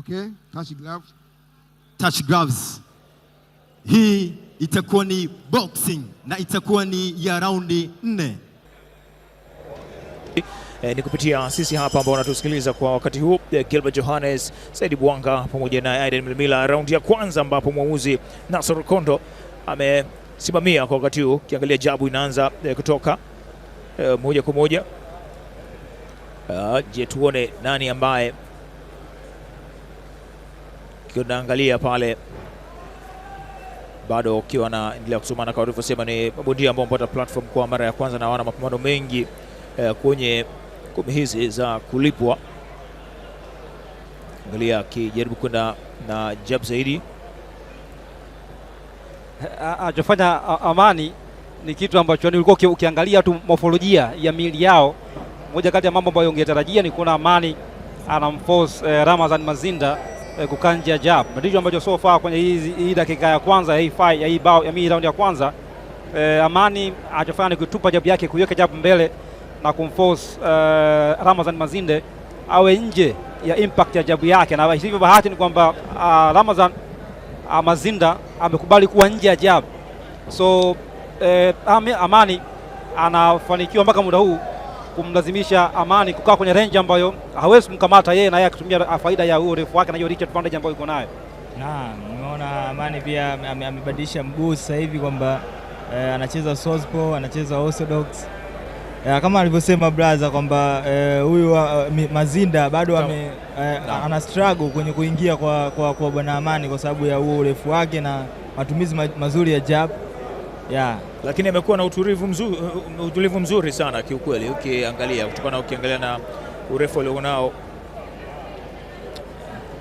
Okay, touch gloves. Touch gloves. Hii itakuwa ni boxing na itakuwa ni ya raundi nne. E, ni kupitia sisi hapa ambao wanatusikiliza kwa wakati huu e, Gilbert Johannes, Saidi Bwanga pamoja na Aiden Milimila, raundi ya kwanza ambapo mwamuzi Nasor Kondo amesimamia kwa wakati huu. Ukiangalia jabu inaanza e, kutoka e, moja kwa moja. Uh, je, tuone nani ambaye ukiwa pale bado ukiwa anaendelea kusomana kama ulivyosema, ni mabondia ambao wamepata platform kwa mara ya kwanza na wana mapambano mengi eh, kwenye kumi hizi za kulipwa. Angalia akijaribu kwenda na jab zaidi, anachofanya Amani ni kitu ambacho ulikuwa ukiangalia tu mofolojia ya miili yao. Moja kati ya mambo ambayo ungetarajia ni kuona Amani anamforce eh, Ramadhan Mazinda eh, kukanja jab ndicho ambacho so far kwenye hii dakika ya kwanza hii fight, ya hii bao ya hii round ya kwanza eh, Amani anachofanya ni kutupa jabu yake kuiweka jabu mbele na kumforce eh, Ramazan Mazinde awe nje ya impact ya jabu yake, na hivyo bahati ni kwamba uh, Ramazan uh, Mazinda amekubali kuwa nje ya jabu so eh, Amani anafanikiwa mpaka muda huu kumlazimisha Amani kukaa kwenye range ambayo hawezi kumkamata yeye, na yeye akitumia faida ya huo urefu wake na hiyo reach advantage ambayo iko nayo. Naam, nimeona Amani pia amebadilisha mguu sasa hivi kwamba eh, anacheza sospo, anacheza orthodox eh, kama alivyosema brother kwamba eh, huyu eh, Mazinda bado ame, eh, ana struggle kwenye kuingia kwa bwana kwa, bwana Amani kwa sababu ya huo urefu wake na matumizi mazuri ya jab yeah. Lakini amekuwa na utulivu mzuri, uh, utulivu mzuri sana kiukweli, ukiangalia kutokana ukiangalia na urefu alionao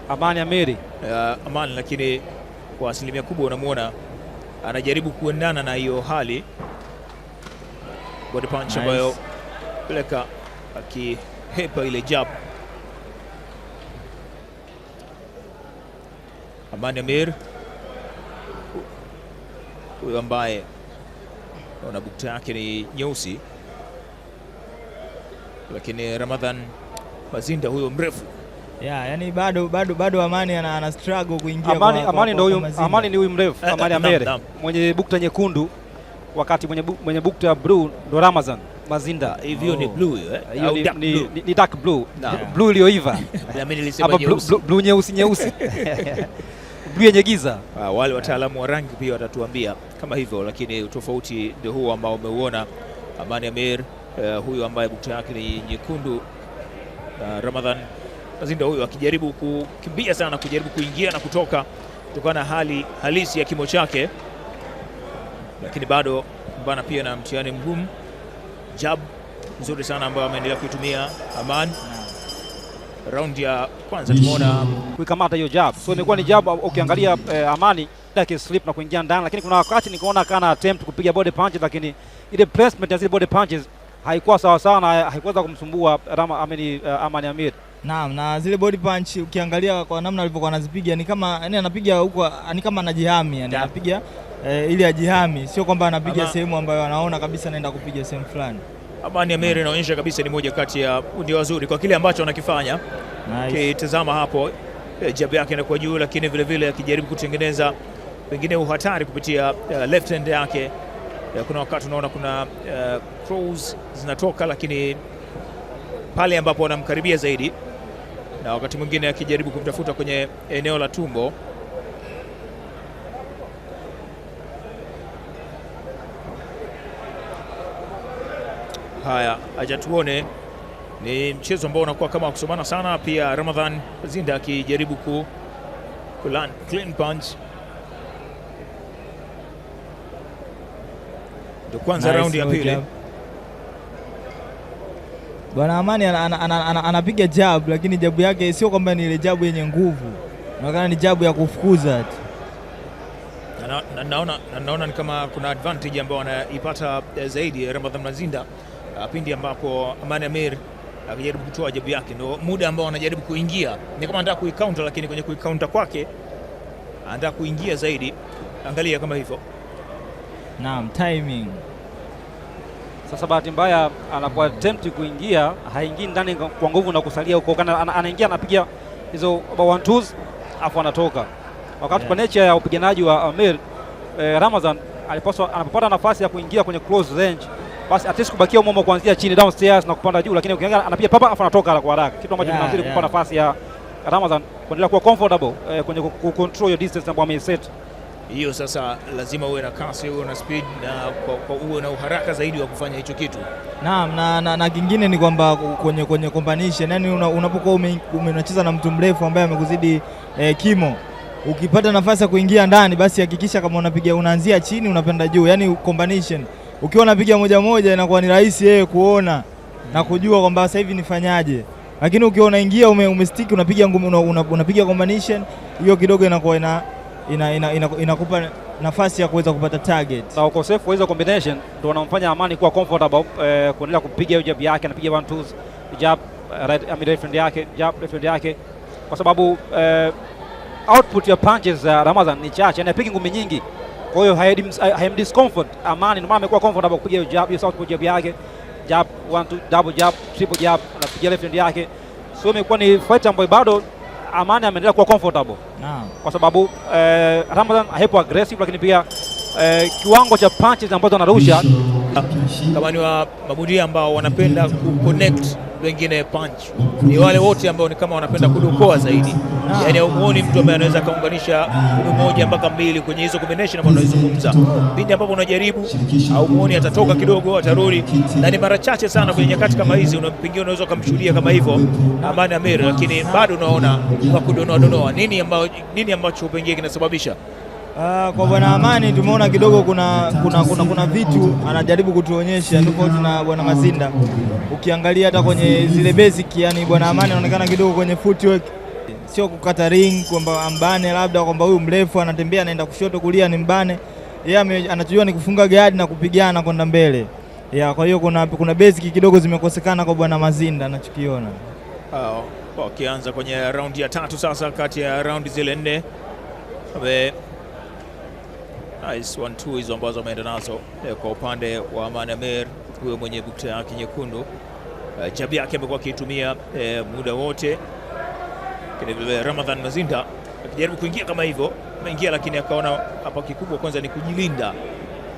Amani Amiri uh, Amani, lakini kwa asilimia kubwa unamwona anajaribu kuendana na hiyo hali body punch ambayo nice. Peleka akihepa ile jab. Amani Amir huyo ambaye na bukta yake ni nyeusi, lakini Ramadhan Mazinda huyo mrefu ya, yani bado bado bado Amani ana, ana struggle kuingia Amani, kwa, Amani, kwa, kwa, kwa huyu, Amani ni huyu mrefu eh, Amani eh, Amere mwenye bukta nyekundu wakati mwenye, bu, mwenye bukta ya blue ndo Ramadhan Mazinda hivyo. Oh, ni blue eh? Hiyo ni, oh. eh? ni, ni, ni dark blue nah, blue iliyoiva blue nyeusi nyeusi bluu yenye giza. Ah, wale wataalamu wa rangi pia watatuambia kama hivyo, lakini tofauti ndio huo ambao umeuona. Amani Amir uh, eh, huyu ambaye bukta yake ni nyekundu uh, Ramadhan mazinda huyu akijaribu kukimbia sana, kujaribu kuingia na kutoka kutokana na hali halisi ya kimo chake, lakini bado bana pia na mtihani mgumu. Jab nzuri sana ambayo ameendelea kuitumia Aman raundi ya kwanza tumeona kuikamata hiyo jab, so imekuwa ni jab. Ukiangalia eh, Amani slip na kuingia ndani, lakini kuna wakati nikaona kana attempt kupiga body punches, lakini ile placement ya zile body punches haikuwa sawa sawa na haikuweza kumsumbua Rama, eh, Amani, uh, Amani Amir. Naam, na zile body punch ukiangalia kwa namna alivyokuwa anazipiga ni kama yani anapiga huko ni kama anajihami yani anapiga eh, ili ajihami, sio kwamba anapiga sehemu ambayo anaona kabisa anaenda kupiga sehemu fulani. Amani Amir inaonyesha kabisa ni moja kati ya ndio wazuri kwa kile ambacho anakifanya. Nice. Kitazama hapo eh, jabu yake inakuwa juu, lakini vilevile akijaribu kutengeneza pengine uhatari kupitia uh, left hand yake. ya eh, kuna wakati unaona kuna uh, crows zinatoka, lakini pale ambapo anamkaribia zaidi, na wakati mwingine akijaribu kumtafuta kwenye eneo la tumbo haya, acha tuone. Ni mchezo ambao unakuwa kama kusomana sana, pia Ramadhan Zinda akijaribu ku clean punch ndio kwanza nice, raundi ya pili Bwana Amani anapiga ana, ana, ana, ana jabu lakini jabu yake sio kwamba ni ile jabu yenye nguvu, naonekana ni jabu ya kufukuza tu. Na, na, naona, na, naona ni kama kuna advantage ambayo anaipata eh, zaidi Ramadhan Mazinda. Eh, pindi ambapo Amani Amir akijaribu kutoa ajabu yake, ndio muda ambao anajaribu kuingia, ni kama anataka kuikaunta, lakini kwenye kuikaunta kwake anataka kuingia zaidi. Angalia kama hivyo, naam, timing sasa bahati mbaya anakuwa attempt hmm. kuingia, haingii ndani kwa nguvu na kusalia huko, kana anaingia anapiga hizo one twos afu anatoka wakati yeah. Kwa nature ya upiganaji wa Amir eh, Ramazan alipaswa anapopata nafasi ya kuingia kwenye close range basi at least kubakia umomo kuanzia chini downstairs na kupanda juu, lakini ukiangalia anapiga papa afu anatoka kwa haraka, kitu ambacho yeah, kinazidi yeah. kupa nafasi ya Ramadan kuendelea kuwa comfortable eh, kwenye kucontrol your distance ambayo ameset hiyo. Sasa lazima uwe na kasi, uwe na speed na kwa, kwa uwe na uharaka zaidi wa kufanya hicho kitu. Naam, na, na, na kingine ni kwamba kwenye kwenye combination, yani unapokuwa una unacheza na mtu mrefu ambaye amekuzidi eh, kimo ukipata nafasi ya kuingia ndani, basi hakikisha kama unapiga unaanzia chini unapenda juu, yani combination ukiwa unapiga moja moja inakuwa ni rahisi yeye kuona na kujua kwamba sasa hivi nifanyaje, lakini ukiwa unaingia ume, umestiki unapiga ngumi una, unapiga combination hiyo kidogo inakuwa ina, ina, ina, ina, inakupa nafasi ya kuweza kupata target. Na ukosefu wa hizo combination ndio unamfanya Amani kuwa comfortable eh, kuendelea kupiga hiyo jab yake, anapiga one twos jab eh, right, I mean right hand yake jab right hand yake, kwa sababu eh, output ya punches za uh, Ramadhan ni chache, anapiga ngumi nyingi kwa hiyo discomfort Amani, ndio maana amekuwa comfortable kupiga hiyo jab, hiyo southpaw jab yake, jab one two double jab triple jab, anapiga left hand yake, so imekuwa ni fight ambayo bado Amani ameendelea kuwa comfortable nah. Kwa sababu eh, Ramadhan hapo aggressive, lakini pia eh, kiwango cha punches ambazo anarusha kama ni wa mabudia ambao wanapenda ku connect wengine punch, ni wale wote ambao ni kama wanapenda kudokoa zaidi, yaani haumuoni mtu ambaye anaweza akaunganisha kumi moja mpaka mbili kwenye hizo combination ambazo tunazungumza. Pindi ambapo unajaribu haumuoni, atatoka kidogo, atarudi, na ni mara chache sana kwenye nyakati kama hizi unampingia, unaweza ukamshuhudia kama hivyo Amani amir lakini bado unaona kwa kudonoa donoa. Nini ambacho pengine kinasababisha Uh, kwa Bwana Amani tumeona kidogo kuna, kuna, kuna, kuna vitu anajaribu kutuonyesha tofauti na Bwana Mazinda. Ukiangalia hata kwenye zile basic, yani Bwana Amani anaonekana kidogo kwenye footwork, sio kukata ring kwamba ambane labda kwamba huyu mrefu anatembea anaenda kushoto kulia ni mbane, yeye anachojua ni kufunga gadi na kupigana kwenda mbele ya, kwa hiyo kuna, kuna basic kidogo zimekosekana kwa Bwana Mazinda anachokiona wakianza oh, kwenye raundi ya tatu sasa kati ya raundi zile nne nice one two hizo ambazo ameenda nazo eh, kwa upande wa Manamir, huyo mwenye bukta yake nyekundu jabi eh, yake amekuwa akiitumia eh, muda wote. Lakini vile Ramadhan Mazinda akijaribu kuingia kama hivyo ameingia, lakini akaona hapa kikubwa kwanza ni kujilinda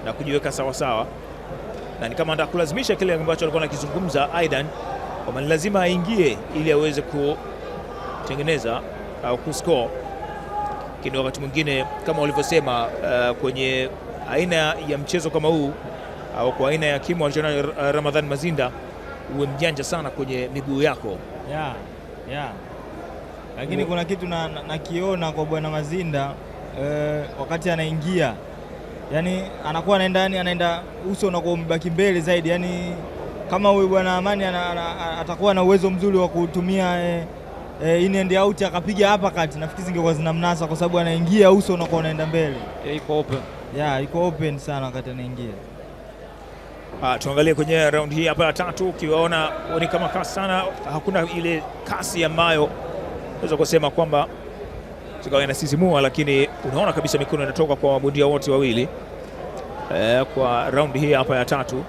na kujiweka sawa sawa, na ni kama ndakulazimisha kile ambacho alikuwa anakizungumza Aidan kwamba ni lazima aingie ili aweze kutengeneza au kuscore lakini wakati mwingine kama walivyosema, uh, kwenye aina ya mchezo kama huu au kwa aina ya kimo alichonayo uh, Ramadhan Mazinda, uwe mjanja sana kwenye miguu yako yeah, yeah. Lakini kuna kitu nakiona na, na kwa bwana Mazinda eh, wakati anaingia yani anakuwa anaenda anaenda uso unakuwa umebaki mbele zaidi, yani kama huyu bwana Amani atakuwa na uwezo mzuri wa kutumia eh, eh, in and out akapiga hapa kati, nafikiri zingekuwa zinamnasa kwa sababu anaingia uso unakuwa unaenda mbele yeah, iko open. Yeah, iko open sana wakati anaingia. Ah, tuangalie kwenye raundi hii hapa ya tatu, ukiwaona ni kama kasi sana, hakuna ile kasi ambayo naweza kusema kwamba inasisimua, lakini unaona kabisa mikono inatoka kwa mabondia wote wawili eh, kwa raundi hii hapa ya tatu,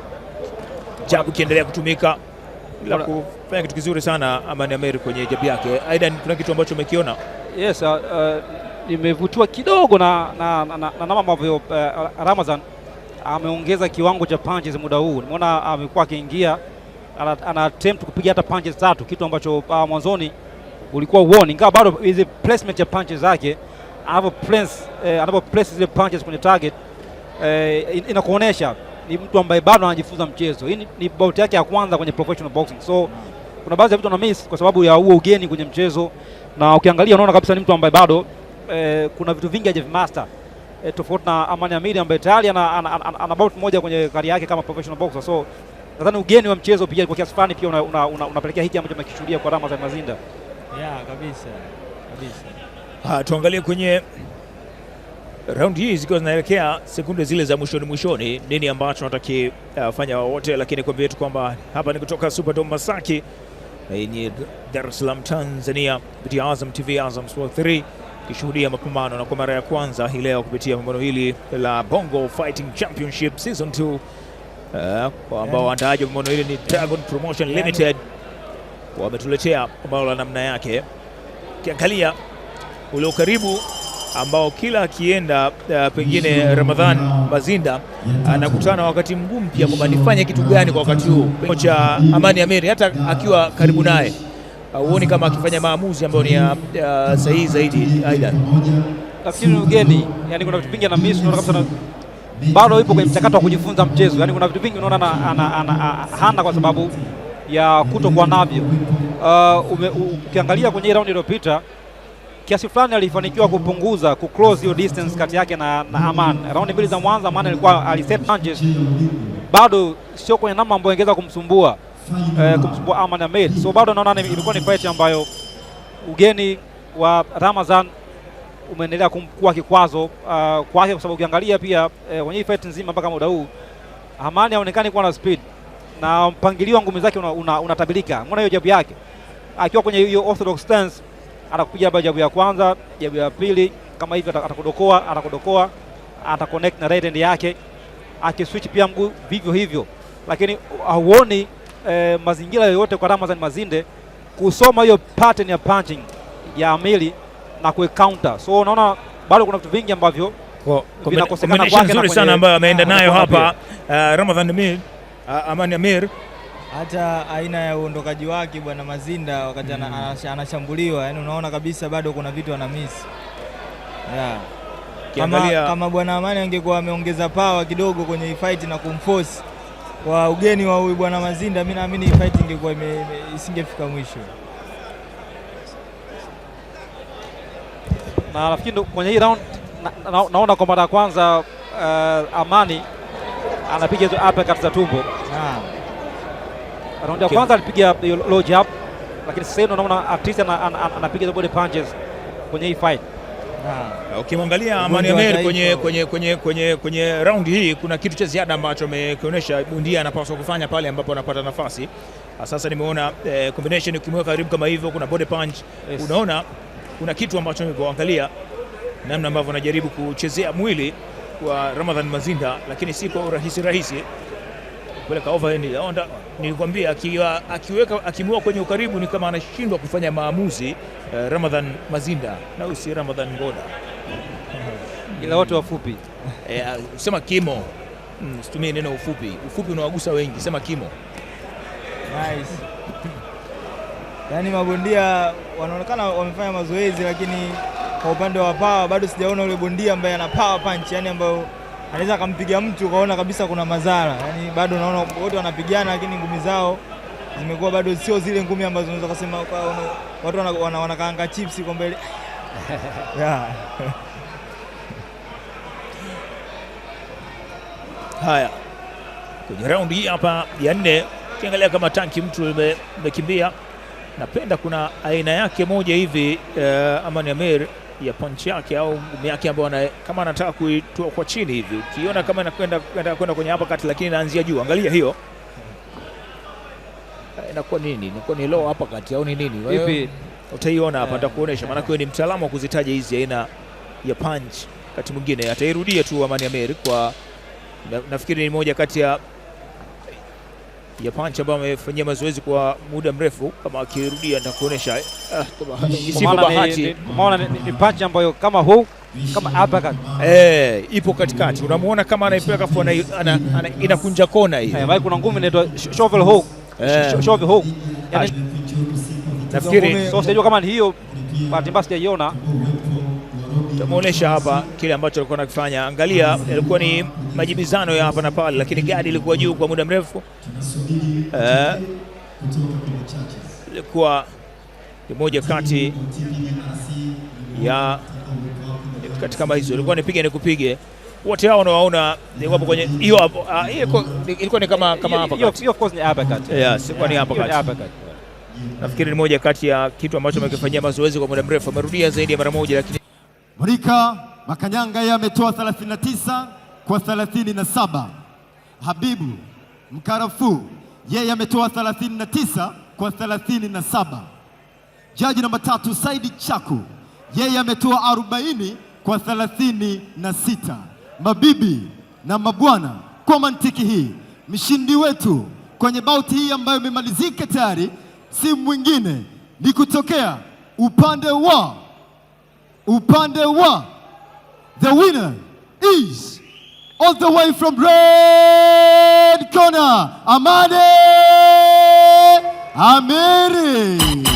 jabu ikiendelea kutumika bila Mwana... kufanya kitu kizuri sana Amani Ameri kwenye jabi yake. Aidan, kuna kitu ambacho umekiona? Yes, uh, uh, nimevutiwa kidogo na namna na, na, na ambavyo uh, Ramazan ameongeza kiwango cha punches muda huu. Nimeona amekuwa akiingia ana attempt kupiga hata punches tatu, kitu ambacho uh, mwanzoni ulikuwa uone, ingawa bado hizi placement ya punches zake anavyo place eh, uh, anapo place zile punches kwenye target eh, inakuonesha ni mtu ambaye bado anajifunza mchezo. Hii ni bout yake ya kwanza kwenye professional boxing, so kuna baadhi ya vitu miss kwa sababu ya huo ugeni kwenye mchezo, na ukiangalia unaona kabisa ni mtu ambaye bado eh, kuna vitu vingi hajavimaster eh, tofauti na Amani Amiri ambaye tayari ana, ana, ana, ana bout moja kwenye kari yake kama professional boxer, so nadhani ugeni wa mchezo pia kwa kiasi fulani pia unapelekea una, una, una hiki ambacho amekishuhudia kwa Ramadhani Mazinda. Yeah, kabisa kabisa. Ah, tuangalie kwenye raundi hii zikiwa zinaelekea sekunde zile za mwishoni mwishoni, nini ambacho watakifanya uh, wote, lakini kwa tu kwamba hapa ni kutoka Superdome Masaki yenye Dar es Salaam Tanzania, kupitia Azam TV, Azam Sport 3 kishuhudia mapambano na kwa mara ya kwanza hii leo kupitia pambano hili la Bongo Fighting Championship Season 2 uh, ambao uh, waandaaji wa pambano hili ni Dragon Promotion Limited wametuletea pambano la namna yake, ukiangalia ule ukaribu ambao kila akienda uh, pengine Ramadhan Mazinda anakutana wakati mgumu pia kwamba nifanye kitu gani kwa wakati huu cha Amani Ameri, hata akiwa karibu naye huoni uh, kama akifanya maamuzi ambayo ni ya uh, sahihi zaidi. Aidha tafsiri ugeni, yani kuna vitu vingi na miss unaona kabisa bado ipo kwenye mchakato wa kujifunza mchezo, yani kuna vitu vingi unaona hana kwa sababu ya kutokuwa navyo. Uh, ukiangalia kwenye raundi iliyopita kiasi fulani alifanikiwa kupunguza ku close hiyo distance kati yake na, na Aman. Raundi mbili za mwanzo Aman alikuwa aliset punches, bado sio kwenye namba ambayo ingeweza kumsumbua eh, kumsumbua Aman Ahmed. So bado naona ilikuwa ni fight ambayo ugeni wa Ramazan umeendelea kuwa kikwazo uh, kwake, kwa sababu ukiangalia pia eh, kwenye fight nzima mpaka muda huu Aman haonekani kuwa na speed na mpangilio wa ngumi zake unatabilika una, una mbona hiyo jabu yake akiwa kwenye hiyo orthodox stance atakupiga hapa jabu ya kwanza, jabu ya pili, kama hivyo atakudokoa, atakudokoa, ataconnect na right hand yake, akiswitch pia mguu vivyo hivyo, lakini hauoni eh, mazingira yoyote kwa ramadhan Mazinde kusoma hiyo pattern ya punching ya Amili na kue counter. So unaona bado kuna vitu vingi ambavyo vinakosekana kwake, nzuri sana ambayo ameenda nayo hapa uh, Ramadhan Amir uh, eh, Amani Amir hata aina ya uondokaji wake bwana Mazinda wakati mm. anashambuliwa, yani unaona kabisa bado kuna vitu ana miss yeah. Kama, kama bwana Amani angekuwa ameongeza pawa kidogo kwenye hii fight na kumforce kwa ugeni wa huyu bwana Mazinda, mimi naamini hii fight ingekuwa isingefika mwisho. Na rafiki, kwenye hii round na, na, naona kwa mara ya kwanza uh, Amani anapiga hizo uppercut za tumbo. Raundi ya okay. kwanza alipiga low jab, lakini sasa hivi unaona Artist anapiga body punches kwenye hii fight. Ah, ukimwangalia okay, Amani Emmanuel kwenye, kwenye, kwenye, kwenye, kwenye raundi hii kuna kitu cha ziada ambacho amekionyesha bundia anapaswa kufanya pale ambapo anapata nafasi. Ah, sasa nimeona eh, combination ukimweka karibu kama hivyo, kuna body punch yes. Unaona kuna kitu ambacho nilivyoangalia namna ambavyo anajaribu kuchezea mwili wa Ramadhan Mazinda, lakini si kwa urahisi rahisi, rahisi kupeleka overhand. Nilikwambia akiwa akiweka akimua kwenye ukaribu ni kama anashindwa kufanya maamuzi. Uh, Ramadhan Mazinda na usi si Ramadhan Ngoda ila watu wafupi eh, ah, sema kimo. Mm, situmie neno ufupi, ufupi unawagusa wengi, sema kimo. Nice. Yaani mabondia wanaonekana wamefanya mazoezi, lakini kwa upande wa power bado sijaona ule bondia ambaye ana power punch, yani ambayo anaweza akampiga mtu ukaona kabisa kuna madhara. Yani bado naona wote wanapigana, lakini ngumi zao zimekuwa bado sio zile ngumi ambazo unaweza kusema watu wanakaanga wana, wana kwa mbele Haya, kwenye raundi hii hapa ya nne, ukiangalia kama tanki mtu imekimbia, napenda kuna aina yake moja hivi uh, Amani Amir ya ponchi yake au ngumi yake ambayo ana, kama anataka kuitoa kwa chini hivi, ukiona kama inakwenda kwenda kwenye hapa kati, lakini inaanzia juu. Angalia hiyo eh, inakuwa nini? Inakuwa ni low hapa kati au ni nini? Hivi utaiona hapa, eh. nitakuonesha, maana yeye ni mtaalamu wa kuzitaja hizi aina ya punch. kati mwingine atairudia tu Amani Ameri kwa na, nafikiri ni moja kati ya ya punch ambayo amefanyia mazoezi kwa muda mrefu, kama akirudia nitakuonesha. Eh, Umeona ni punch ambayo kama huu kama uppercut eh, ipo katikati, unamuona kama anaipeleka ana, inakunja kona hii. Eh, kuna ngumi inaitwa shovel hook, eh. shovel hook, nafikiri sio, sijui kama ni hiyo, bahati mbaya sijaiona Tumuonesha hapa kile ambacho alikuwa anakifanya. Angalia, yalikuwa ni majibizano ya hapa na pale, lakini gadi ilikuwa juu kwa muda mrefu. Eh, ilikuwa ni moja kati ya katika kama hizo, ilikuwa nipige nikupige wote hao unawaona wapo kwenye hiyo, hapo, ah, ilikuwa ni kama kama hapa. hiyo of course ni ni hapa hapa hapa kati, kati, kati, yes, ilikuwa Nafikiri ni moja kati ya kitu ambacho amekifanyia mazoezi kwa muda mrefu, amerudia zaidi ya mara moja lakini Rika Makanyanga yeye ametoa 39 kwa 37. Habibu Mkarafu yeye ametoa 39 kwa 37. Jaji namba tatu Saidi Chaku yeye ametoa 40 kwa 36. Mabibi na mabwana, kwa mantiki hii mshindi wetu kwenye bauti hii ambayo imemalizika tayari si mwingine ni kutokea upande wa upande wa. The winner is all the way from red corner, Amade Amiri.